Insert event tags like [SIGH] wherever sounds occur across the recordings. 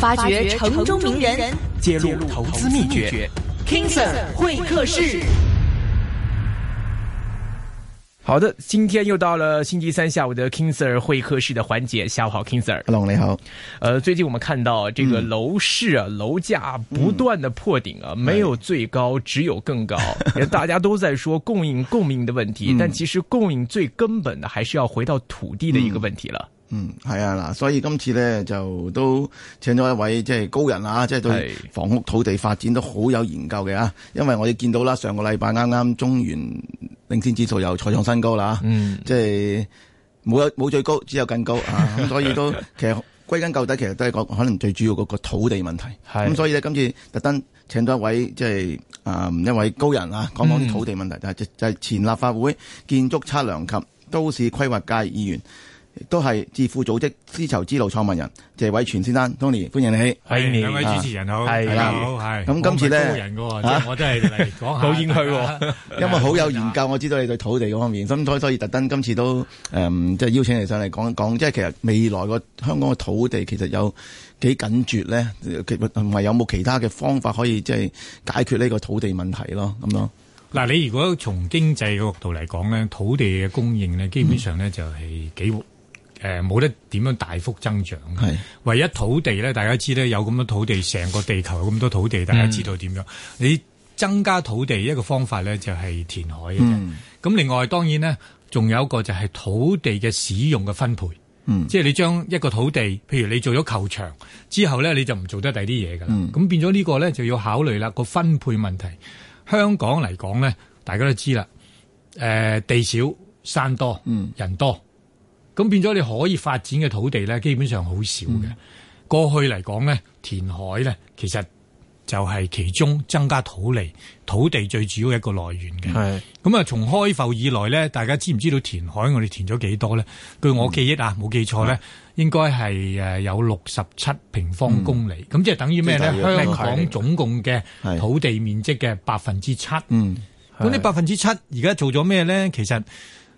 發掘城中名人，揭露投資秘訣。秘 King Sir 會客室。好的，今天又到了星期三下午的 King Sir 會客室的環節。下午好，King Sir。Hello，阿龍你好。呃，最近我們看到這個樓市啊，嗯、樓價不斷的破頂啊，嗯、沒有最高，只有更高。 [LAUGHS] 大家都在說供應供應的問題，嗯、但其實供應最根本的還是要回到土地的一個問題了。嗯嗯嗯，係啊，嗱，所以今次咧就都請咗一位即係、就是、高人啊，即、就、係、是、對房屋土地發展都好有研究嘅啊。因為我哋見到啦，上個禮拜啱啱中原領先指數又再創新高啦，即係冇有冇最高，只有更高 [LAUGHS] 啊。咁所以都其實歸根究底，其實都係個可能最主要嗰個土地問題。咁是、嗯、所以咧，今次特登請咗一位即係啊一位高人啊，講講啲土地問題，嗯、就係就係前立法會建築測量及都市規劃界議員。都係致富組織思籌知路創辦人謝偉銓先生 Tony，歡迎你。兩位主持人好，大家好。咁今次呢，我真係嚟講下好應喎！因為好有研究，我知道你對土地嗰方面，咁所所以特登今次都誒即係邀請你上嚟講講，即係其實未來個香港嘅土地其實有幾緊絕咧，同埋有冇其他嘅方法可以即係解決呢個土地問題咯？咁咯。嗱，你如果從經濟嘅角度嚟講呢，土地嘅供應呢，基本上呢就係幾誒，冇、呃、得點樣大幅增長，是唯一土地咧，大家知咧有咁多土地，成個地球有咁多土地，大家知道點樣？嗯、你增加土地一個方法咧，就係、是、填海嘅啫。咁、嗯、另外，當然呢，仲有一個就係土地嘅使用嘅分配，嗯、即係你將一個土地，譬如你做咗球場之後呢，你就唔做得第啲嘢噶啦咁、嗯、變咗呢個呢，就要考慮啦個分配問題。香港嚟講呢，大家都知啦，誒、呃，地少山多，人多。嗯咁變咗你可以發展嘅土地咧，基本上好少嘅。嗯、過去嚟講呢，填海咧，其實就係其中增加土地、土地最主要一個來源嘅。係是。咁啊，從開埠以來咧，大家知唔知道填海我哋填咗幾多咧？嗯、據我記憶啊，冇記錯咧，是應該係誒有六十七平方公里。咁、嗯、即係等於咩咧？香港總共嘅土地面積嘅百分之七。嗯是。咁是呢百分之七而家做咗咩咧？其實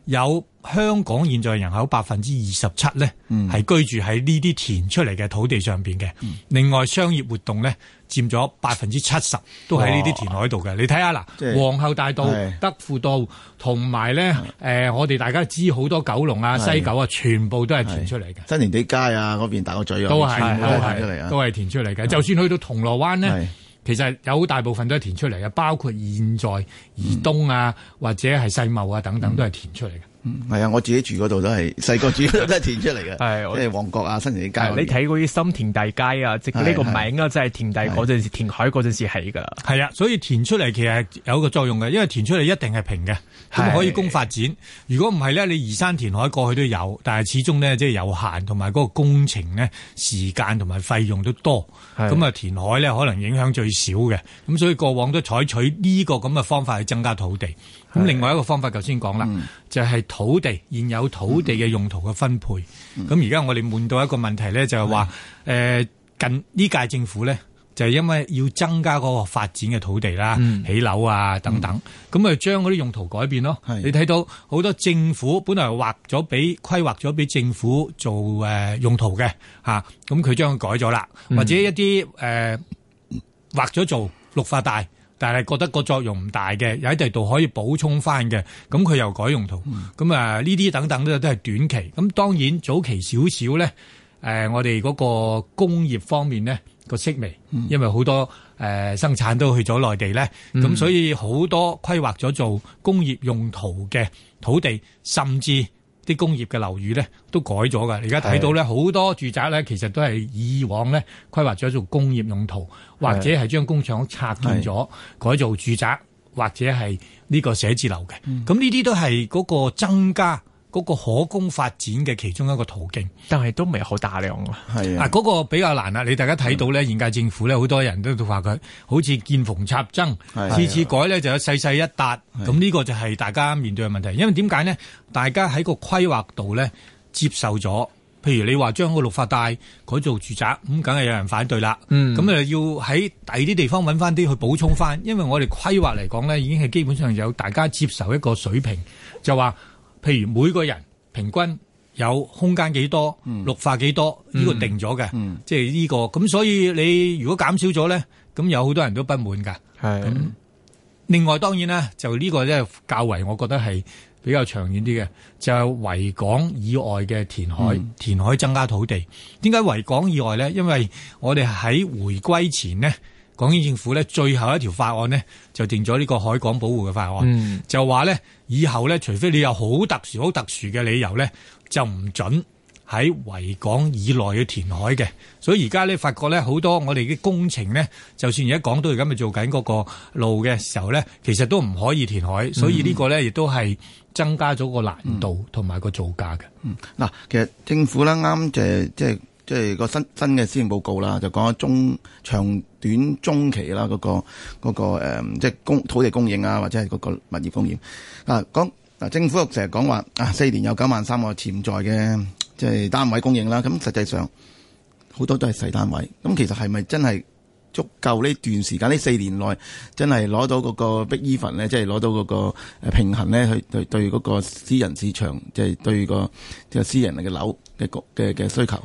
有香港現在人口百分之二十七呢，係居住喺呢啲填出嚟嘅土地上邊嘅。另外商業活動呢，佔咗百分之七十，都喺呢啲填海度嘅。你睇下嗱，皇后大道、是德輔道同埋呢，誒是、呃、我哋大家知好多九龍啊、是西九啊，全部都係填出嚟嘅。新填地街啊，嗰邊大角咀啊，是是都係都係都係填出嚟嘅。就算去到銅鑼灣呢。其實有好大部分都係填出嚟嘅，包括現在怡東啊，或者係世貿啊等等，都係填出嚟嘅。嗯，係啊，我自己住嗰度都係細個住都係填出嚟嘅，係我哋旺角啊、新城街，你睇嗰啲深田大街啊，即係呢個名啊，即係填地嗰陣時填海嗰陣時起㗎，係啊，所以填出嚟其實有個作用嘅，因為填出嚟一定係平嘅，咁的可以供發展。如果唔係咧，你移山填海過去都有，但係始終咧即係有限，同埋嗰個工程呢，時間同埋費用都多，咁啊的填海咧可能影響最少嘅，咁所以過往都採取呢個咁嘅方法去增加土地。咁另外一個方法，頭先講啦，嗯、就係土地現有土地嘅用途嘅分配。咁而家我哋換到一個問題咧，就係話誒，近呢屆政府咧，就係、是、因為要增加嗰個發展嘅土地啦、起樓、嗯、啊等等，咁啊將嗰啲用途改變咯。的你睇到好多政府本來劃咗俾規劃咗俾政府做誒、呃、用途嘅吓，咁佢將佢改咗啦，嗯、或者一啲誒劃咗做綠化帶，但係覺得個作用唔大嘅，有喺第度可以補充翻嘅，咁佢又改用途。咁啊，呢啲等等咧都係短期。咁當然早期少少咧，誒，我哋嗰個工業方面呢個式微，因為好多誒生產都去咗內地咧，咁所以好多規劃咗做工業用途嘅土地，甚至，啲工業嘅樓宇咧都改咗㗎，而家睇到咧好多住宅咧，其實都係以往咧規劃咗做工業用途，或者係將工廠拆斷咗，改做住宅或者係呢個寫字樓嘅。咁呢啲都係嗰個增加。嗰個可供發展嘅其中一個途徑，但係都未好大量的啊！嗱，嗰個比較難啦。你大家睇到呢，現屆政府呢，好多人都話佢好似見縫插針，次的次改呢就有細細一笪。咁呢的個就係大家面對嘅問題，的因為點解呢？大家喺個規劃度呢接受咗，譬如你話將個綠化帶改做住宅，咁梗係有人反對啦。咁你、嗯、要喺第二啲地方搵翻啲去補充翻，因為我哋規劃嚟講呢，已經係基本上有大家接受一個水平，就話。譬如每個人平均有空間幾多、綠、嗯、化幾多，呢、呢個定咗嘅，嗯、即係呢、呢個咁，所以你如果減少咗咧，咁有好多人都不滿噶。係是的，另外當然啦，就呢個呢個咧較為，我覺得係比較長遠啲嘅，就維、係、港以外嘅填海，嗯、填海增加土地。點解維港以外咧？因為我哋喺回歸前呢。港英政府呢，最後一條法案呢，就定咗呢個海港保護嘅法案，嗯、就話呢，以後呢，除非你有好特殊、好特殊嘅理由呢，就唔準喺維港以內去填海嘅。所以而家呢，發覺呢，好多我哋嘅工程呢，就算而家講到而家咪做緊嗰個路嘅時候呢，其實都唔可以填海，所以呢個呢，亦都係增加咗個難度同埋個造價嘅、嗯。嗯，嗱、嗯，其實政府呢、就係，啱就即係。即係個新新嘅施政報告啦，就講咗中長短中期啦，嗰個嗰個誒，即係供土地供應啊，或者係嗰個物業供應啊。講嗱，政府又成日講話啊，四年有九萬三個潛在嘅即係單位供應啦。咁實際上好多都係細單位。咁其實係咪真係足夠呢段時間呢四年內真係攞到嗰個 break even 即係攞到嗰個平衡呢，去對對嗰個私人市場，即係對個即係私人嘅樓嘅局嘅嘅需求。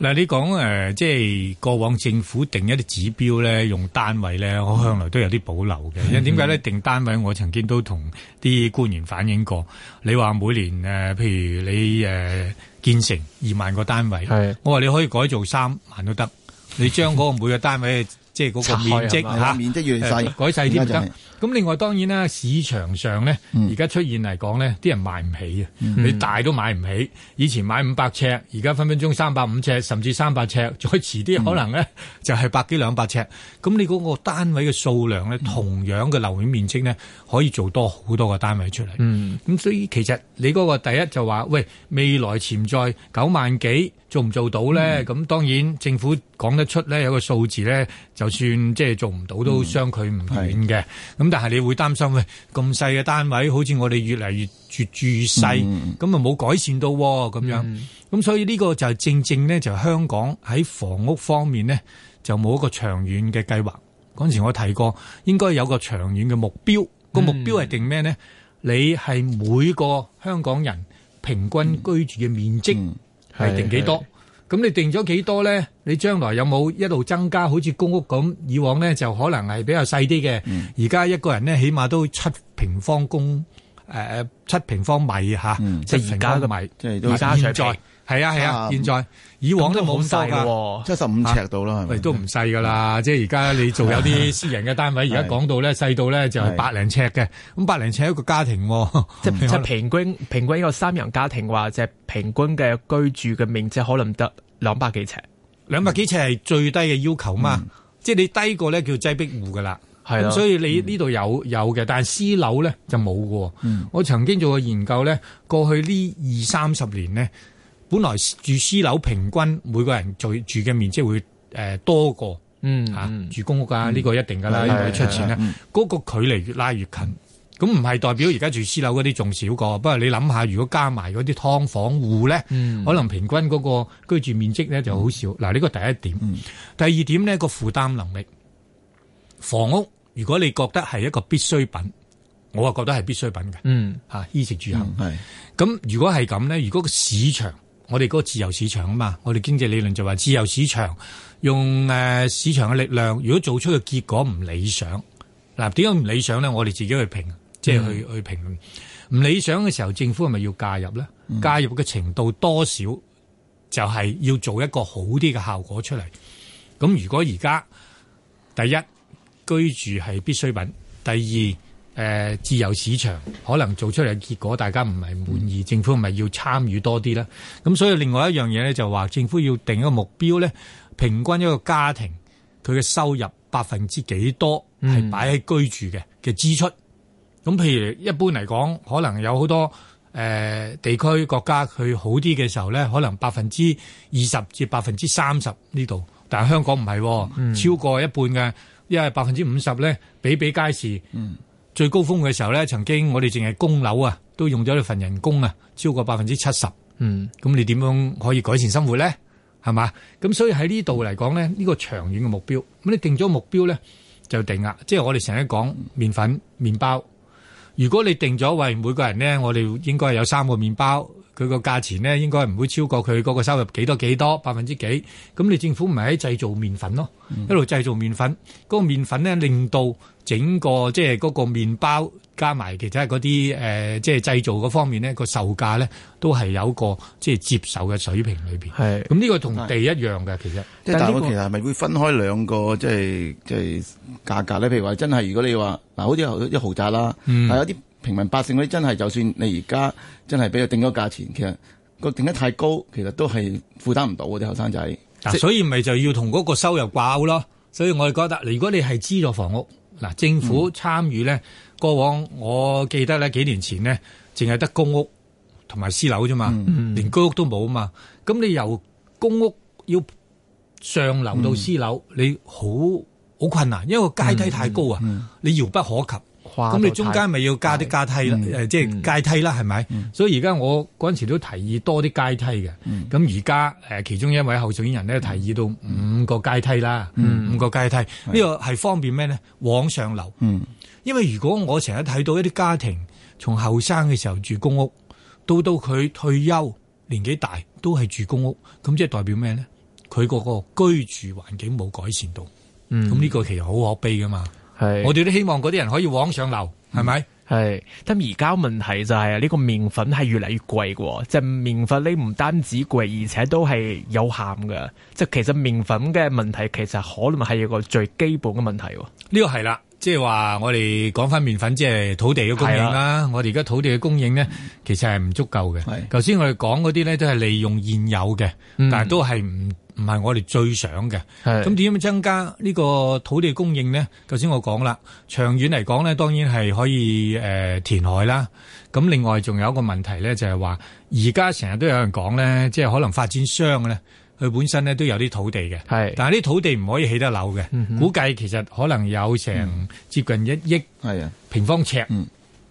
嗱，你講誒、呃，即係過往政府定一啲指標咧，用單位咧，我向來都有啲保留嘅。因、嗯、為點解咧？定單位，我曾經都同啲官員反映過。你話每年誒、呃，譬如你誒、呃、建成二萬個單位，是我話你可以改做三萬都得。你將嗰個每個單位即係嗰個面積嚇，是是啊、面積越細，改細啲就得、是。咁另外當然啦，市場上呢，而家出現嚟講呢啲人買唔起啊！嗯、你大都買唔起，以前買五百尺，而家分分鐘三百五尺，甚至三百尺，再遲啲可能呢，嗯、就係百幾兩百尺。咁你嗰個單位嘅數量呢，嗯、同樣嘅樓面面積呢，可以做多好多個單位出嚟。咁、嗯、所以其實你嗰個第一就話，喂，未來潛在九萬幾。做唔做到咧？咁、嗯、當然政府講得出咧，有個數字咧，就算即係做唔到都相距唔遠嘅。咁、嗯、但係你會擔心喂，咁細嘅單位，好似我哋越嚟越越住越細，咁啊冇改善到咁、哦、樣。咁、嗯、所以呢個就正正呢，就係、香港喺房屋方面呢，就冇一個長遠嘅計劃。嗰陣時我提過，應該有個長遠嘅目標，個目標係定咩呢？嗯、你係每個香港人平均居住嘅面積。嗯嗯係定幾多？咁是你定咗幾多咧？你將來有冇一路增加？好似公屋咁，以往咧就可能係比較細啲嘅。而家、嗯、一個人咧起碼都七平方公誒、呃、七平方米吓，即係而家嘅米。即係、嗯、現，現在。現在係啊係啊！現在以往都冇咁細噶，七十五尺度啦，喂都唔細噶啦？即係而家你做有啲私人嘅單位，而家講到咧細到咧就百零尺嘅。咁百零尺一個家庭，即係即係平均平均一個三人家庭話，就係平均嘅居住嘅面積可能得兩百幾尺。兩百幾尺係最低嘅要求嘛？即係你低過咧叫擠逼戶噶啦。係啦，所以你呢度有有嘅，但係私樓咧就冇嘅。我曾經做過研究咧，過去呢二三十年咧。本來住私樓平均每個人住住嘅面積會誒多過，嗯吓住公屋啊，呢個一定噶啦，因為出錢啦，嗰個距離越拉越近，咁唔係代表而家住私樓嗰啲仲少過，不過你諗下，如果加埋嗰啲劏房戶咧，可能平均嗰個居住面積咧就好少。嗱，呢個第一點，第二點咧個負擔能力，房屋如果你覺得係一個必需品，我啊覺得係必需品嘅，嗯吓衣食住行係，咁如果係咁咧，如果個市場，我哋嗰個自由市場啊嘛，我哋經濟理論就話自由市場用誒、呃、市場嘅力量，如果做出嘅結果唔理想，嗱，點解唔理想呢？我哋自己去評，即係、嗯、去去評論。唔理想嘅時候，政府係咪要介入呢？介、嗯、入嘅程度多少，就係、是、要做一個好啲嘅效果出嚟。咁如果而家第一居住係必需品，第二。.誒、呃、自由市場可能做出嚟嘅結果，大家唔係滿意，嗯、政府咪要參與多啲咧？咁所以另外一樣嘢咧，就話政府要定一個目標咧，平均一個家庭佢嘅收入百分之幾多係擺喺居住嘅嘅、嗯、支出？咁譬如一般嚟講，可能有好多誒、呃、地區國家佢好啲嘅時候咧，可能百分之二十至百分之三十呢度，但係香港唔係、哦，嗯、超過一半嘅，因為百分之五十咧比比皆是。嗯最高峰嘅時候咧，曾經我哋淨係供樓啊，都用咗一份人工啊，超過百分之七十。嗯，咁你點樣可以改善生活咧？係嘛？咁所以喺呢度嚟講呢，呢個長遠嘅目標，咁你定咗目標咧就定啊。即係我哋成日講麵粉、麵包。如果你定咗為每個人呢，我哋應該有三個麵包，佢個價錢呢應該唔會超過佢嗰個收入幾多幾多百分之幾。咁你政府唔係喺製造麵粉咯，一路製造麵粉，嗰個麵粉呢令到，整個即係嗰個麵包加埋其他嗰啲誒，即係製造嗰方面呢，個售價呢都係有個即係接受嘅水平裏面。咁是，呢個同地一樣嘅，其實即但係、這個、其實係咪會分開兩個即係即係價格呢？譬如話真係，如果你話嗱，好似一豪宅啦，嗯、但係有啲平民百姓嗰啲真係，就算你而家真係俾佢定咗價錢，其實個定得太高，其實都係負擔唔到嗰啲後生仔。是所以咪就要同嗰個收入掛鈎囉。咯。所以我哋覺得，如果你係資助房屋。嗱，政府參與咧，嗯、過往我記得咧，幾年前咧，淨係得公屋同埋私樓啫嘛，嗯、連居屋都冇啊嘛，咁你由公屋要上樓到私樓，嗯、你好好困難，因為個階梯太高啊，嗯、你遙不可及。咁你中間咪要加啲階梯啦，誒，即係階梯啦，係咪？嗯、所以而家我嗰陣時都提議多啲階梯嘅。咁而家誒，其中一位候選人咧，提議到五個階梯啦，嗯、五個階梯呢個係方便咩咧？往上流，嗯、因為如果我成日睇到一啲家庭從後生嘅時候住公屋，到到佢退休年紀大都係住公屋，咁即係代表咩咧？佢個個居住環境冇改善到，咁呢、嗯、個其實好可悲噶嘛。係，是我哋都希望嗰啲人可以往上流，係咪、嗯？係。咁而家問題就係啊，呢個麵粉係越嚟越貴喎，即係麵粉你唔單止貴，而且都係有限嘅，即係其實麵粉嘅問題其實可能係一個最基本嘅問題。呢個係啦，即係話我哋講返麵粉，即、就、係、是、土地嘅供應啦。的我哋而家土地嘅供應呢，其實係唔足夠嘅。頭先的我哋講嗰啲呢，都係利用現有嘅，嗯、但係都係唔。唔係我哋最想嘅，咁點是樣增加呢個土地供應呢？頭先我講啦，長遠嚟講呢，當然係可以誒、呃、填海啦。咁另外仲有一個問題呢，就係話而家成日都有人講呢，即係可能發展商咧，佢本身呢都有啲土地嘅，是但係啲土地唔可以起得樓嘅。嗯、哼估計其實可能有成接近一億、嗯、平方尺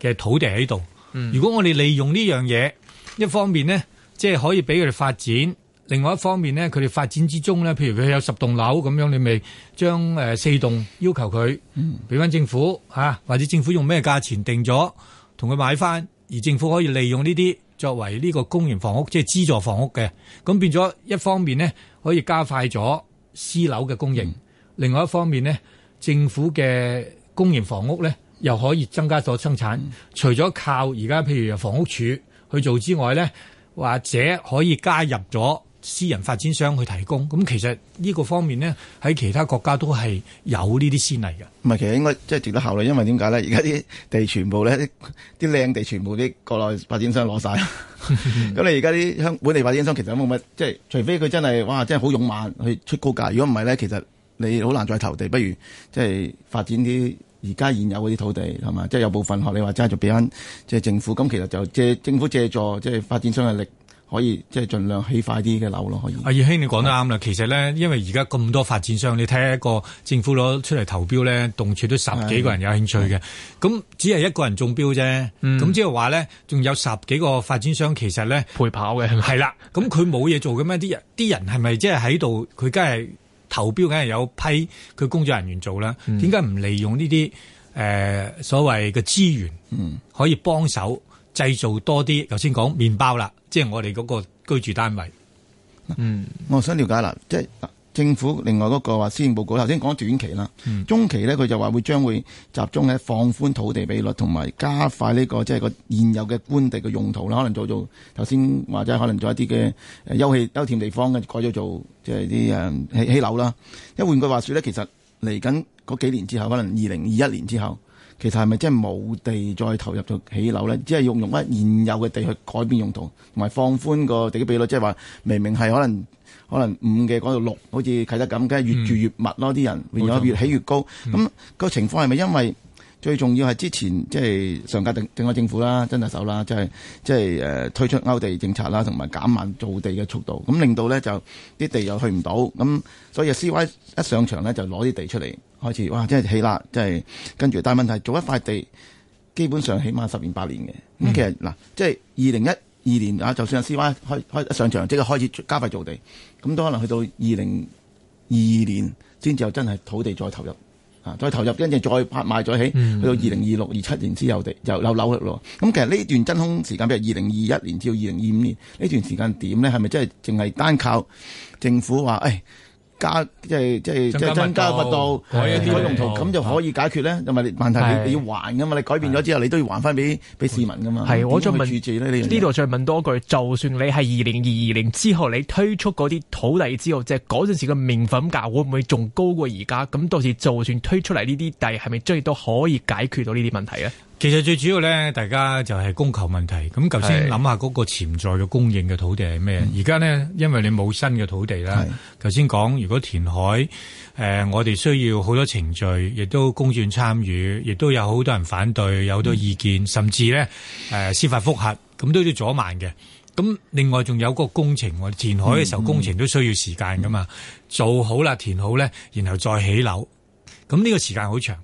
嘅土地喺度。嗯、如果我哋利用呢樣嘢，一方面呢，即係可以俾佢哋發展。另外一方面呢，佢哋發展之中呢，譬如佢有十棟樓咁樣，你咪將誒四棟要求佢俾翻政府嚇、嗯啊，或者政府用咩價錢定咗，同佢買翻，而政府可以利用呢啲作為呢個公營房屋，即係資助房屋嘅。咁變咗一方面呢可以加快咗私樓嘅供應、嗯、另外一方面呢政府嘅公營房屋呢，又可以增加咗生產。嗯、除咗靠而家譬如房屋署去做之外呢，或者可以加入咗。私人發展商去提供，咁其實呢個方面呢，喺其他國家都係有呢啲先例嘅。唔係，其實應該即係值得考慮，因為點解呢？而家啲地全部咧，啲靚 [LAUGHS] 地全部啲國內發展商攞晒。咁 [LAUGHS] [LAUGHS] 你而家啲香本地發展商其實冇有乜有，即係除非佢真係哇，真係好勇猛去出高價。如果唔係呢，其實你好難再投地。不如即係發展啲而家現有嗰啲土地係嘛？即係有部分學你話齋，就俾翻即係政府。咁其實就借政府借助即係發展商嘅力。可以即係盡量起快啲嘅樓咯，可以。阿葉兄，你講得啱啦。是其實呢，因為而家咁多發展商，你睇一個政府攞出嚟投標呢，動輒都十幾個人有興趣嘅。咁的只係一個人中標啫。咁即係話呢，仲有十幾個發展商其實呢，陪跑嘅，係咪？係啦。咁佢冇嘢做嘅咩？啲的人啲人係咪即係喺度？佢梗係投標，梗係有批佢工作人員做啦。點解唔利用呢啲誒所謂嘅資源？嗯，可以幫手。製造多啲，頭先講麵包啦，即係我哋嗰個居住單位。嗯，我想了解啦，即係政府另外嗰個話施政報告，頭先講短期啦，嗯、中期咧佢就話會將會集中喺放寬土地比率同埋加快呢、呢個即係個現有嘅官地嘅用途啦，可能做做頭先或者可能做一啲嘅休憩休憩地方嘅改咗做，即係啲誒起起樓啦。因為、啊、換句話說咧，其實嚟緊嗰幾年之後，可能二零二一年之後。其實係咪真係冇地再投入到起樓咧？只係用用翻現有嘅地去改變用途，同埋放寬個地嘅比率，即係話明明係可能可能五嘅改到六，好似啟德咁，梗係越住越密咯，啲人、嗯，然後越起越高。咁錯個情況係咪因為最重要係之前即係上屆政政府啦，曾特首啦，即係即係誒、呃、推出勾地政策啦，同埋減慢造地嘅速度，咁令到咧就啲地又去唔到，咁所以 C Y 一上場咧就攞啲地出嚟，開始哇！真係起啦，真係跟住，大問題做一塊地，基本上起碼十年八年嘅。咁、嗯、其實嗱，即係二零一二年啊，就算阿 C Y 開開一上場，即刻開始加快造地，咁都可能去到二零二二年先至有真係土地再投入啊，再投入跟住再拍賣再起，嗯、去到二零二六二七年先有地又扭扭嘅咯。咁其實呢段真空時間，比如二零二一年至到二零二五年呢段時間點咧，係咪真係淨係單靠政府話誒？哎加即係即係增加密度，改的用途咁的就可以解決咧。因為的問題，你你要還噶嘛？的你改變咗之後，你都要還翻俾俾市民噶嘛。係的，我再問呢度再問多句，就算你係二零二二年之後，你推出嗰啲土地之後，即係嗰陣時嘅麵粉價會唔會仲高過而家？咁到時就算推出嚟呢啲地，係咪真係都可以解決到呢啲問題咧？其實最主要咧，大家就係供求問題。咁頭先諗下嗰個潛在嘅供應嘅土地係咩？而家、嗯、呢，因為你冇新嘅土地啦。頭先講，如果填海，誒、呃，我哋需要好多程序，亦都公權參與，亦都有好多人反對，有好多意見，嗯、甚至呢誒、呃，司法復核，咁都好阻慢嘅。咁另外仲有個工程，填海嘅時候工程都需要時間噶嘛，嗯嗯、做好啦，填好呢，然後再起樓，咁呢個時間好長。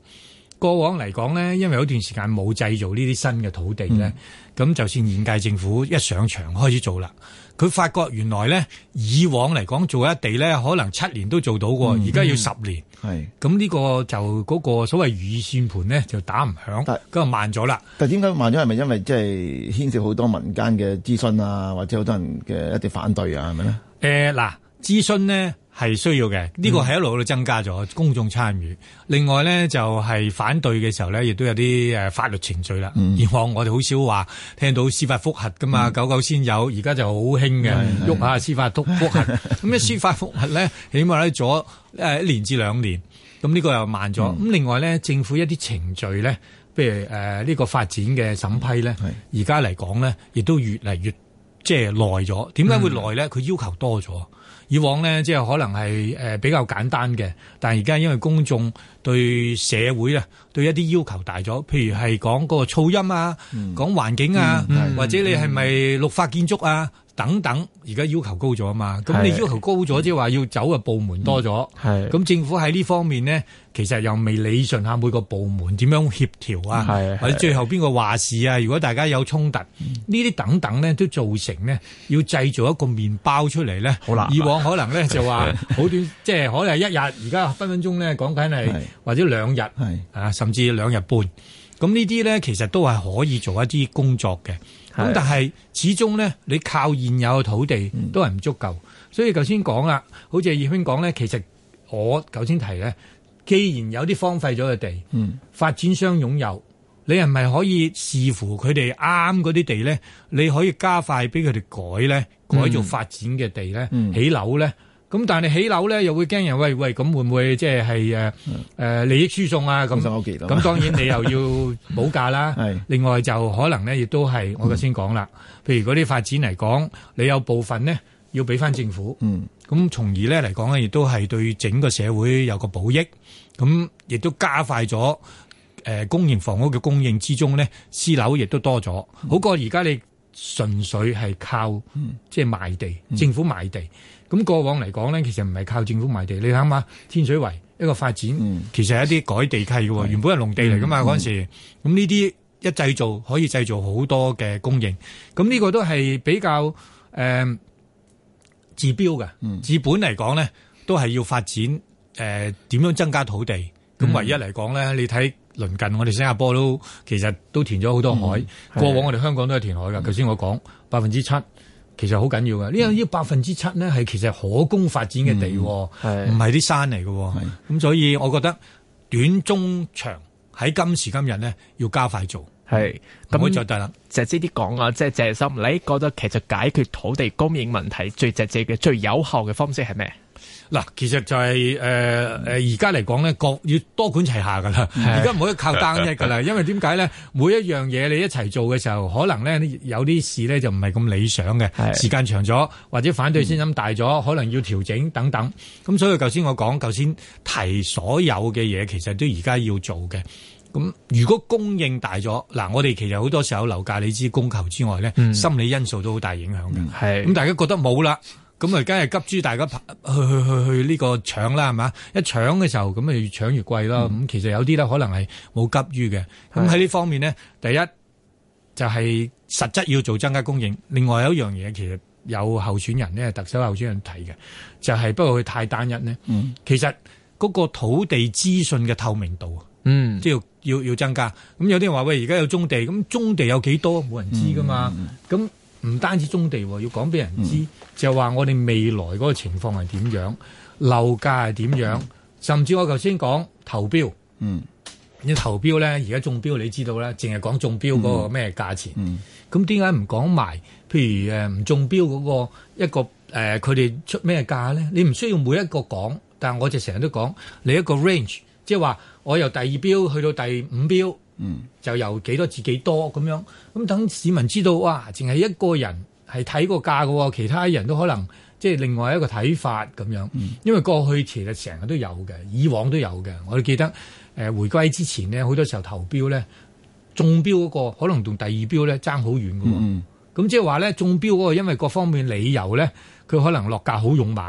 過往嚟講呢，因為有段時間冇製造呢啲新嘅土地呢，咁、嗯、就算現屆政府一上場開始做啦，佢發覺原來呢，以往嚟講做一地呢，可能七年都做到喎，而家、嗯、哼要十年。係是，咁呢個就嗰個所謂預算盤呢，就打唔響。咁但就慢咗啦。但係點解慢咗？係咪因為即係牽涉好多民間嘅諮詢啊，或者好多人嘅一啲反對啊，係咪呢誒嗱、呃，諮詢呢。係需要嘅，呢、這個係一路喺度增加咗公眾參與。嗯、另外呢，就係、是、反對嘅時候呢，亦都有啲誒法律程序啦。以往、嗯、我哋好少話聽到司法覆核㗎嘛，久久先有，而家就好興嘅，喐下司法督覆核。咁 [LAUGHS] 一司法覆核呢，起碼咧咗誒一年至兩年，咁呢個又慢咗。咁、嗯、另外呢，政府一啲程序呢，譬如誒呢、呃這個發展嘅審批呢，而家嚟講呢，亦都越嚟越即係耐咗。點、就、解、是、會耐呢？佢、嗯、要求多咗。以往呢，即係可能係誒比較簡單嘅，但係而家因為公眾對社會啊，對一啲要求大咗，譬如係講嗰個噪音啊，講環、嗯、境啊，嗯嗯、或者你係咪綠化建築啊？等等，而家要求高咗啊嘛，咁你要求高咗，即係話要走嘅部門多咗，咁政府喺呢方面呢，其實又未理順下每個部門點樣協調啊，或者最後邊個話事啊？如果大家有衝突，呢啲等等呢，都造成呢，要製造一個麵包出嚟呢。好啦。以往可能呢，就話好短，即係可能一日，而家分分鐘呢，講緊係或者兩日，啊，甚至兩日半。咁呢啲呢，其實都係可以做一啲工作嘅。咁但係始終咧，你靠現有嘅土地都係唔足夠，嗯、所以頭先講啦，好似葉軒講咧，其實我頭先提咧，既然有啲荒廢咗嘅地，嗯、發展商擁有，你係咪可以視乎佢哋啱嗰啲地咧？你可以加快俾佢哋改咧，改做發展嘅地咧，起樓咧。嗯咁但係你起樓咧，又會驚人喂喂，咁會唔會即係係誒誒利益輸送啊？咁咁、嗯、當然你又要補價啦。係 [LAUGHS] 的另外就可能咧，亦都係我頭先講啦。譬如嗰啲發展嚟講，你有部分呢要俾翻政府。嗯，咁從而咧嚟講呢亦都係對整個社會有個補益。咁亦都加快咗誒公營房屋嘅供應之中呢，私樓亦都多咗。好過而家你純粹係靠即係賣地，政府賣地。嗯咁過往嚟講呢，其實唔係靠政府賣地，你諗下嘛，天水圍一個發展，嗯、其實係一啲改地契嘅，是原本係農地嚟噶嘛嗰陣時。咁呢啲一製造可以製造好多嘅供應，咁呢、嗯、個都係比較誒、呃、治標嘅。嗯、治本嚟講呢，都係要發展誒點、呃、樣增加土地。咁唯一嚟講呢，嗯、你睇鄰近我哋新加坡都其實都填咗好多海。嗯、過往我哋香港都係填海嘅，頭先、嗯、我講百分之七。7其實好緊要嘅，呢樣呢百分之七呢，係其實可供發展嘅地，唔係啲山嚟嘅，咁是所以我覺得短中長喺今時今日呢，要加快做，係唔好再等啦那。直接啲講啊，即係謝生你覺得其實解決土地供應問題最直接嘅、最有效嘅方式係咩？嗱，其實就係誒誒，而家嚟講呢，各要多管齊下噶啦。而家唔可以靠單一噶啦，是的 因為點解呢？每一樣嘢你一齊做嘅時候，可能呢有啲事呢就唔係咁理想嘅。是的 時間長咗，或者反對聲音大咗，嗯、可能要調整等等。咁所以，頭先我講，頭先提所有嘅嘢，其實都而家要做嘅。咁如果供應大咗，嗱，我哋其實好多時候樓價，你知供求之外呢，嗯、心理因素都好大影響嘅。係咁，大家覺得冇啦。咁啊，梗係急住大家去去去去呢個搶啦，係嘛？一搶嘅時候，咁啊越搶越貴咯。咁、嗯、其實有啲咧，可能係冇急住嘅。咁喺呢方面呢，的第一就係、是、實質要做增加供應。另外有一樣嘢，其實有候選人呢，特首候選人提嘅，就係不過佢太單一呢。嗯、其實嗰個土地資訊嘅透明度啊，嗯，即要要要增加。咁有啲人話喂，而家有棕地，咁棕地有幾多？冇人知㗎嘛。咁、嗯唔單止棕地，要講俾人知，嗯、就係話我哋未來嗰個情況係點樣，樓價係點樣，甚至我頭先講投標，你、嗯、投標咧，而家中標，你知道啦，淨係講中標嗰個咩價錢。咁點解唔講埋？譬如誒唔中標嗰個一個誒，佢、呃、哋出咩價咧？你唔需要每一個講，但我就成日都講你一個 range，即係話我由第二標去到第五標。嗯，就由幾多至幾多咁樣，咁等市民知道哇，淨係一個人係睇過價㗎喎，其他人都可能即係、就是、另外一個睇法咁樣。因為過去其實成日都有嘅，以往都有嘅。我哋記得、呃、回歸之前呢，好多時候投標呢，中標嗰個可能同第二標呢爭好遠㗎喎。咁即係話呢，中標嗰個因為各方面理由呢，佢可能落價好勇猛。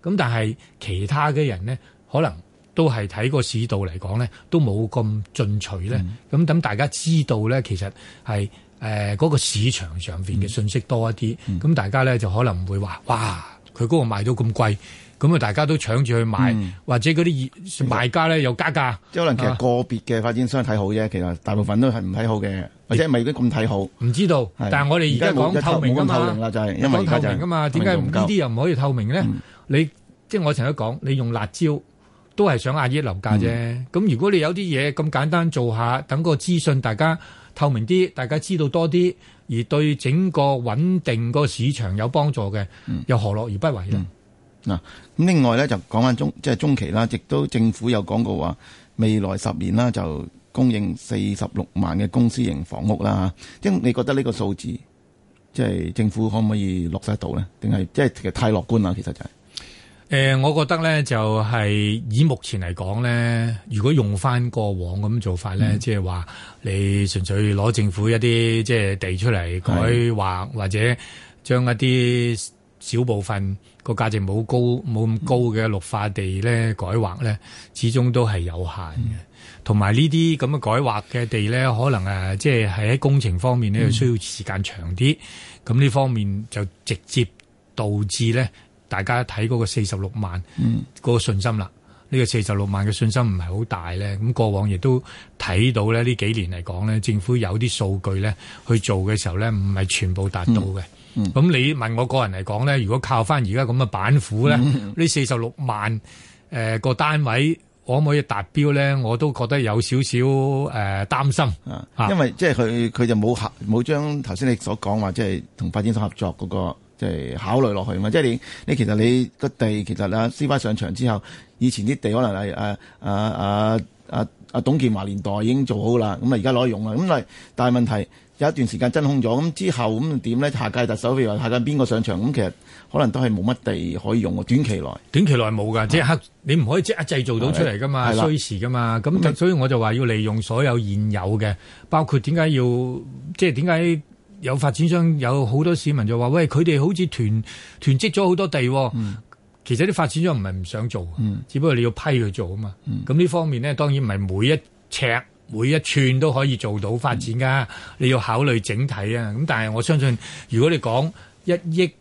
咁、嗯、但係其他嘅人呢，可能。都係睇個市道嚟講呢，都冇咁進取呢。咁等、嗯、大家知道呢，其實係誒嗰個市場上面嘅信息多一啲。咁、嗯、大家呢，就可能唔會話，哇！佢嗰個賣到咁貴，咁啊大家都搶住去買，嗯、或者嗰啲賣賣家呢又加價即。即可能其實個別嘅發展商睇好啫，啊、其實大部分都係唔睇好嘅，或者未必咁睇好。唔知道。是但係我哋而家講透明咁透明啦就係、是、因為就透明嘛，點解唔呢啲又唔可以透明呢？嗯、你即係我成日講，你用辣椒。都係想壓抑樓價啫。咁、嗯、如果你有啲嘢咁簡單做下，等個資訊大家透明啲，大家知道多啲，而對整個穩定個市場有幫助嘅，嗯、又何樂而不為呢？嗱，咁、嗯、另外咧就講翻中即係中期啦，亦都政府有講過話，未來十年啦就供應四十六萬嘅公私營房屋啦嚇。即你覺得呢個數字即係政府可唔可以落實得到呢？定係即係太樂觀啦？其實就係、是。誒、呃，我覺得咧就係、是、以目前嚟講咧，如果用翻過往咁做法咧，嗯、即係話你純粹攞政府一啲即係地出嚟改劃，的或者將一啲小部分個價值冇高冇咁、嗯、高嘅綠化地咧改劃咧，始終都係有限嘅。同埋、嗯、呢啲咁嘅改劃嘅地咧，可能誒、啊、即係喺工程方面咧需要時間長啲，咁呢、嗯、方面就直接導致咧。大家睇嗰個四十六萬嗰個信心啦，呢、嗯、個四十六萬嘅信心唔係好大咧。咁過往亦都睇到咧，呢幾年嚟講咧，政府有啲數據咧去做嘅時候咧，唔係全部達到嘅。咁、嗯嗯、你問我個人嚟講咧，如果靠翻而家咁嘅板斧咧，呢四十六萬誒個、呃、單位可唔可以達標咧？我都覺得有少少誒擔心，因為即係佢佢就冇合冇將頭先你所講話即係同發展商合作嗰、那個。即考慮落去嘛？即係你，你其實你個地其實啊，CY 上場之後，以前啲地可能係誒誒誒誒誒董建華年代已經做好啦，咁啊而家攞用啦。咁但係問題有一段時間真空咗，咁之後咁點咧？下屆特首譬如話下屆邊個上場？咁其實可能都係冇乜地可以用喎。短期內，短期內冇㗎，啊、即係刻你唔可以即刻製造到出嚟㗎嘛，需時㗎嘛。咁的所以我就話要利用所有現有嘅，你包括點解要即係點解？有發展商有好多市民就話，喂，佢哋好似囤囤積咗好多地，啊，嗯、其實啲發展商唔係唔想做，嗯、只不過你要批佢做啊嘛。咁呢、嗯、方面呢，當然唔係每一尺每一寸都可以做到發展噶，嗯、你要考慮整體啊。咁但係我相信，如果你講一億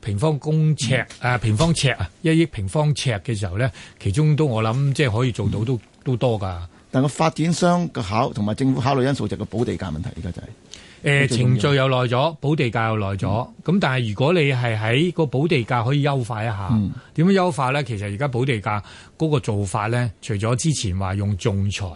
平方公尺、嗯、啊，平方尺啊，一億平方尺嘅時候呢，其中都我諗即係可以做到都、嗯、都多噶。但個發展商嘅考同埋政府考慮因素就係個補地價問題，而家就係、是。誒、呃、程序又耐咗，補地價又耐咗，咁、嗯、但係如果你係喺個補地價可以優化一下，點、嗯、樣優化咧？其實而家補地價嗰個做法咧，除咗之前話用仲裁，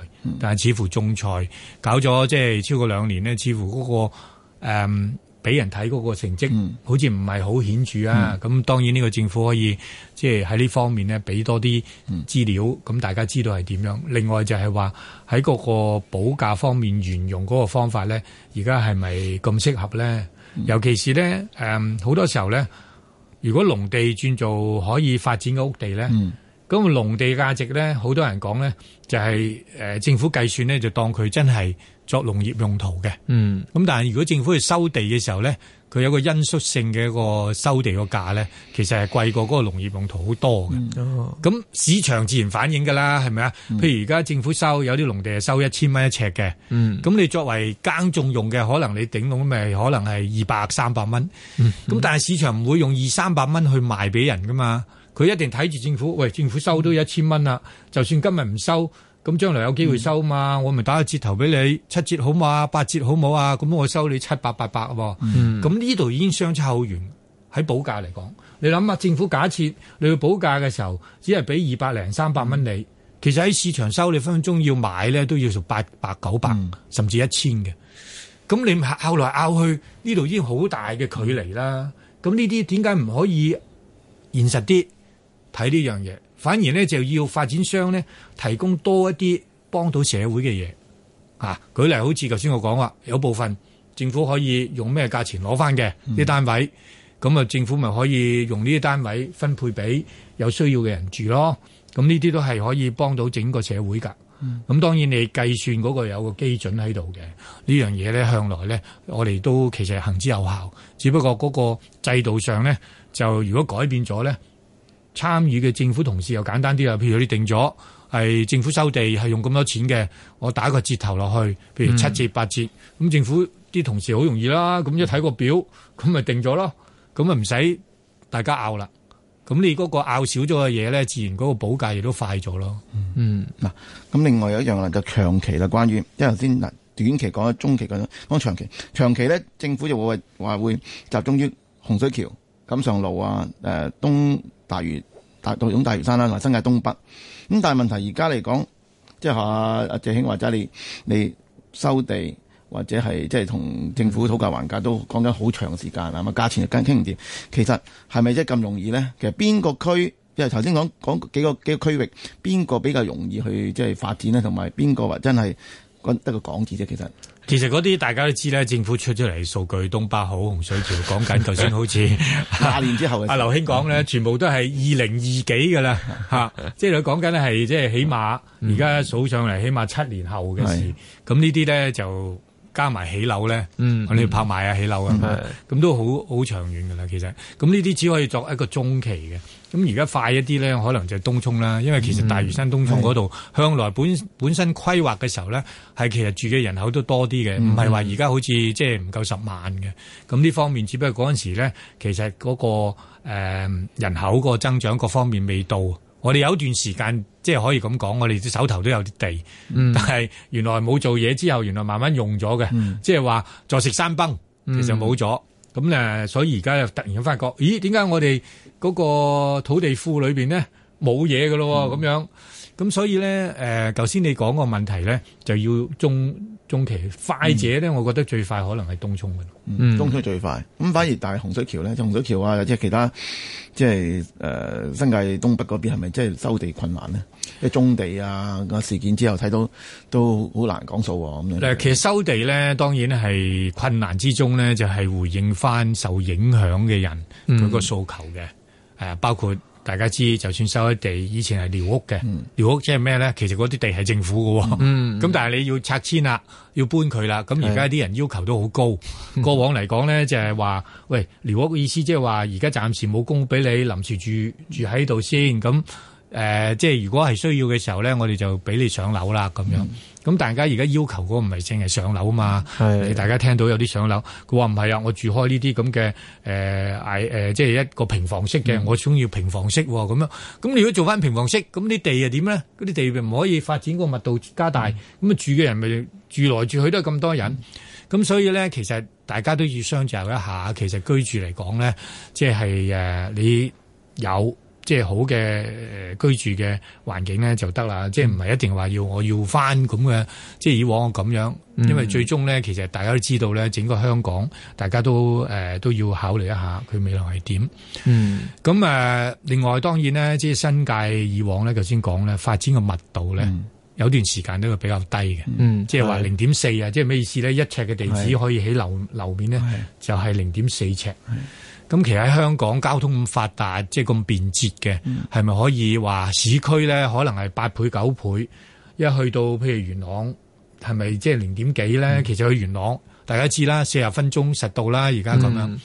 但係似乎仲裁搞咗即係超過兩年咧，似乎嗰、那個、嗯俾人睇嗰個成績，好似唔係好顯著啊！咁、嗯、當然呢個政府可以，即係喺呢方面呢，俾多啲資料，咁、嗯、大家知道係點樣。另外就係話喺嗰個保價方面，沿用嗰個方法呢，而家係咪咁適合呢？嗯、尤其是呢，誒、嗯、好多時候呢，如果農地轉做可以發展嘅屋地呢，咁農、嗯、地價值呢，好多人講呢，就係、是、誒、呃、政府計算呢，就當佢真係。作農業用途嘅，嗯，咁但係如果政府去收地嘅時候咧，佢有個因素性嘅一個收地個價咧，其實係貴過嗰個農業用途好多嘅。咁、嗯哦、市場自然反應㗎啦，係咪啊？嗯、譬如而家政府收有啲農地係收一千蚊一尺嘅，嗯，咁你作為耕種用嘅，可能你頂到咪可能係二百三百蚊，咁、嗯嗯、但係市場唔會用二三百蚊去賣俾人噶嘛，佢一定睇住政府，喂，政府收都一千蚊啦，嗯、就算今日唔收。咁將來有機會收嘛？嗯、我咪打個折頭俾你，七折好唔好啊？八折好唔好啊？咁我收你七八八百喎。咁呢度已經相差好遠喺補價嚟講。你諗下，政府假設你去補價嘅時候，只係俾二百零三百蚊你，嗯、其實喺市場收你分分鐘要買咧，都要做八百九百甚至一千嘅。咁你拗嚟拗去呢度已經好大嘅距離啦。咁呢啲點解唔可以現實啲睇呢樣嘢？反而呢，就要發展商呢，提供多一啲幫到社會嘅嘢啊。舉例好似頭先我講話，有部分政府可以用咩價錢攞翻嘅啲單位，咁啊政府咪可以用呢啲單位分配俾有需要嘅人住咯。咁呢啲都係可以幫到整個社會噶。咁、嗯、當然你計算嗰個有個基準喺度嘅呢樣嘢呢，向來呢，我哋都其實係行之有效，只不過嗰個制度上呢，就如果改變咗呢。參與嘅政府同事又簡單啲啊，譬如你定咗係政府收地係用咁多錢嘅，我打個折頭落去，譬如七折八折，咁、嗯、政府啲同事好容易啦，咁一睇個表，咁咪、嗯、定咗咯，咁咪唔使大家拗啦，咁你嗰個拗少咗嘅嘢咧，自然嗰個補價亦都快咗咯。嗯，嗱，咁另外有一樣就長期啦，關於因為先嗱短期講，中期講，講長期，長期咧政府就會話會集中於洪水橋。錦上路啊，誒東大嶼大到大，大，大嶼山啦，啊，同埋新界東北，咁但係問題而家嚟講，即係阿阿謝兄或者你你收地或者係即係同政府討價還價都講咗好長時間啊嘛，價錢又跟傾唔掂，其實係咪真係咁容易呢？其實邊個區，即係頭先講講幾個幾個區域，邊個比較容易去即係發展呢？同埋邊個話真係得個講字啫？其實。其實嗰啲大家都知咧，政府出咗嚟數據東北好洪水橋，講緊頭先好似八 [LAUGHS] 年之後。阿劉興講咧， [LAUGHS] 全部都係二零二幾嘅啦，嚇、 [LAUGHS] 啊，即係佢講緊咧係即係起碼而家數上嚟，起碼七年後嘅事。咁的呢啲咧就。加埋起樓咧，我哋要拍賣啊起樓啊，咁、嗯、都好好長遠㗎啦。其實，咁呢啲只可以作一個中期嘅。咁而家快一啲咧，可能就係東涌啦。因為其實大嶼山、嗯、東涌嗰度向來本本身規劃嘅時候咧，係其實住嘅人口都多啲嘅，唔係話而家好似即係唔夠十萬嘅。咁呢方面只不過嗰陣時咧，其實嗰、嗰個、呃、人口個增長各方面未到。我哋有一段時間即係可以咁講，我哋手頭都有啲地，嗯、但係原來冇做嘢之後，原來慢慢用咗嘅，即係話再食山崩，其實冇咗。咁咧、嗯，所以而家又突然間發覺，咦？點解我哋嗰個土地庫裏邊呢冇嘢㗎咯？咁、嗯、樣。咁所以咧，誒、呃，頭先你講個問題咧，就要中中期快者咧，嗯、我覺得最快可能係東涌嘅，嗯，東涌最快。咁反而但係洪水橋咧，洪水橋啊，即係其他，即係誒新界東北嗰邊，係咪即係收地困難呢？即、嗯、中地啊，那個事件之後睇到都好難講數喎、啊，咁、嗯、其實收地咧，當然係困難之中咧，就係、是、回應翻受影響嘅人佢個、嗯、訴求嘅，誒、呃，包括。大家知，就算收咗地，以前係寮屋嘅，嗯、寮屋即係咩咧？其實嗰啲地係政府嘅，嗯咁、嗯、但係你要拆遷啦，要搬佢啦，咁而家啲人要求都好高。的過往嚟講咧，就係話，喂，寮屋嘅意思即係話，而家暫時冇供俾你，臨時住住喺度先，咁。誒、呃，即係如果係需要嘅時候咧，我哋就俾你上樓啦，咁樣。咁、嗯、大家而家要求嗰個唔係淨係上樓啊嘛，的大家聽到有啲上樓，佢話唔係啊，我住開呢啲咁嘅誒誒，即係一個平房式嘅，嗯、我鍾意平房式咁樣，咁你如果做翻平房式，咁啲地又點咧？嗰啲地咪唔可以發展個密度加大，咁啊住嘅人咪住來住去都係咁多人。咁所以咧，其實大家都要相就一下。其實居住嚟講咧，即係誒、呃，你有。即係好嘅居住嘅環境咧就得啦、嗯，即係唔係一定話要我要翻咁嘅，即係以往咁樣。因為最終咧，其實大家都知道咧，整個香港大家都、呃、都要考慮一下佢未來係點。嗯，咁誒，另外當然呢，即係新界以往咧，頭先講咧，發展嘅密度咧，嗯、有段時間都比較低嘅。嗯，即係話零點四啊，即係咩意思咧？一尺嘅地址可以起樓，樓面呢，的就係零點四尺。咁其實喺香港交通咁發達，即係咁便捷嘅，係咪、嗯、可以話市區咧可能係八倍九倍，一去到譬如元朗，係咪即係零點幾咧？嗯、其實去元朗大家知啦，四十分鐘實到啦，而家咁樣咁、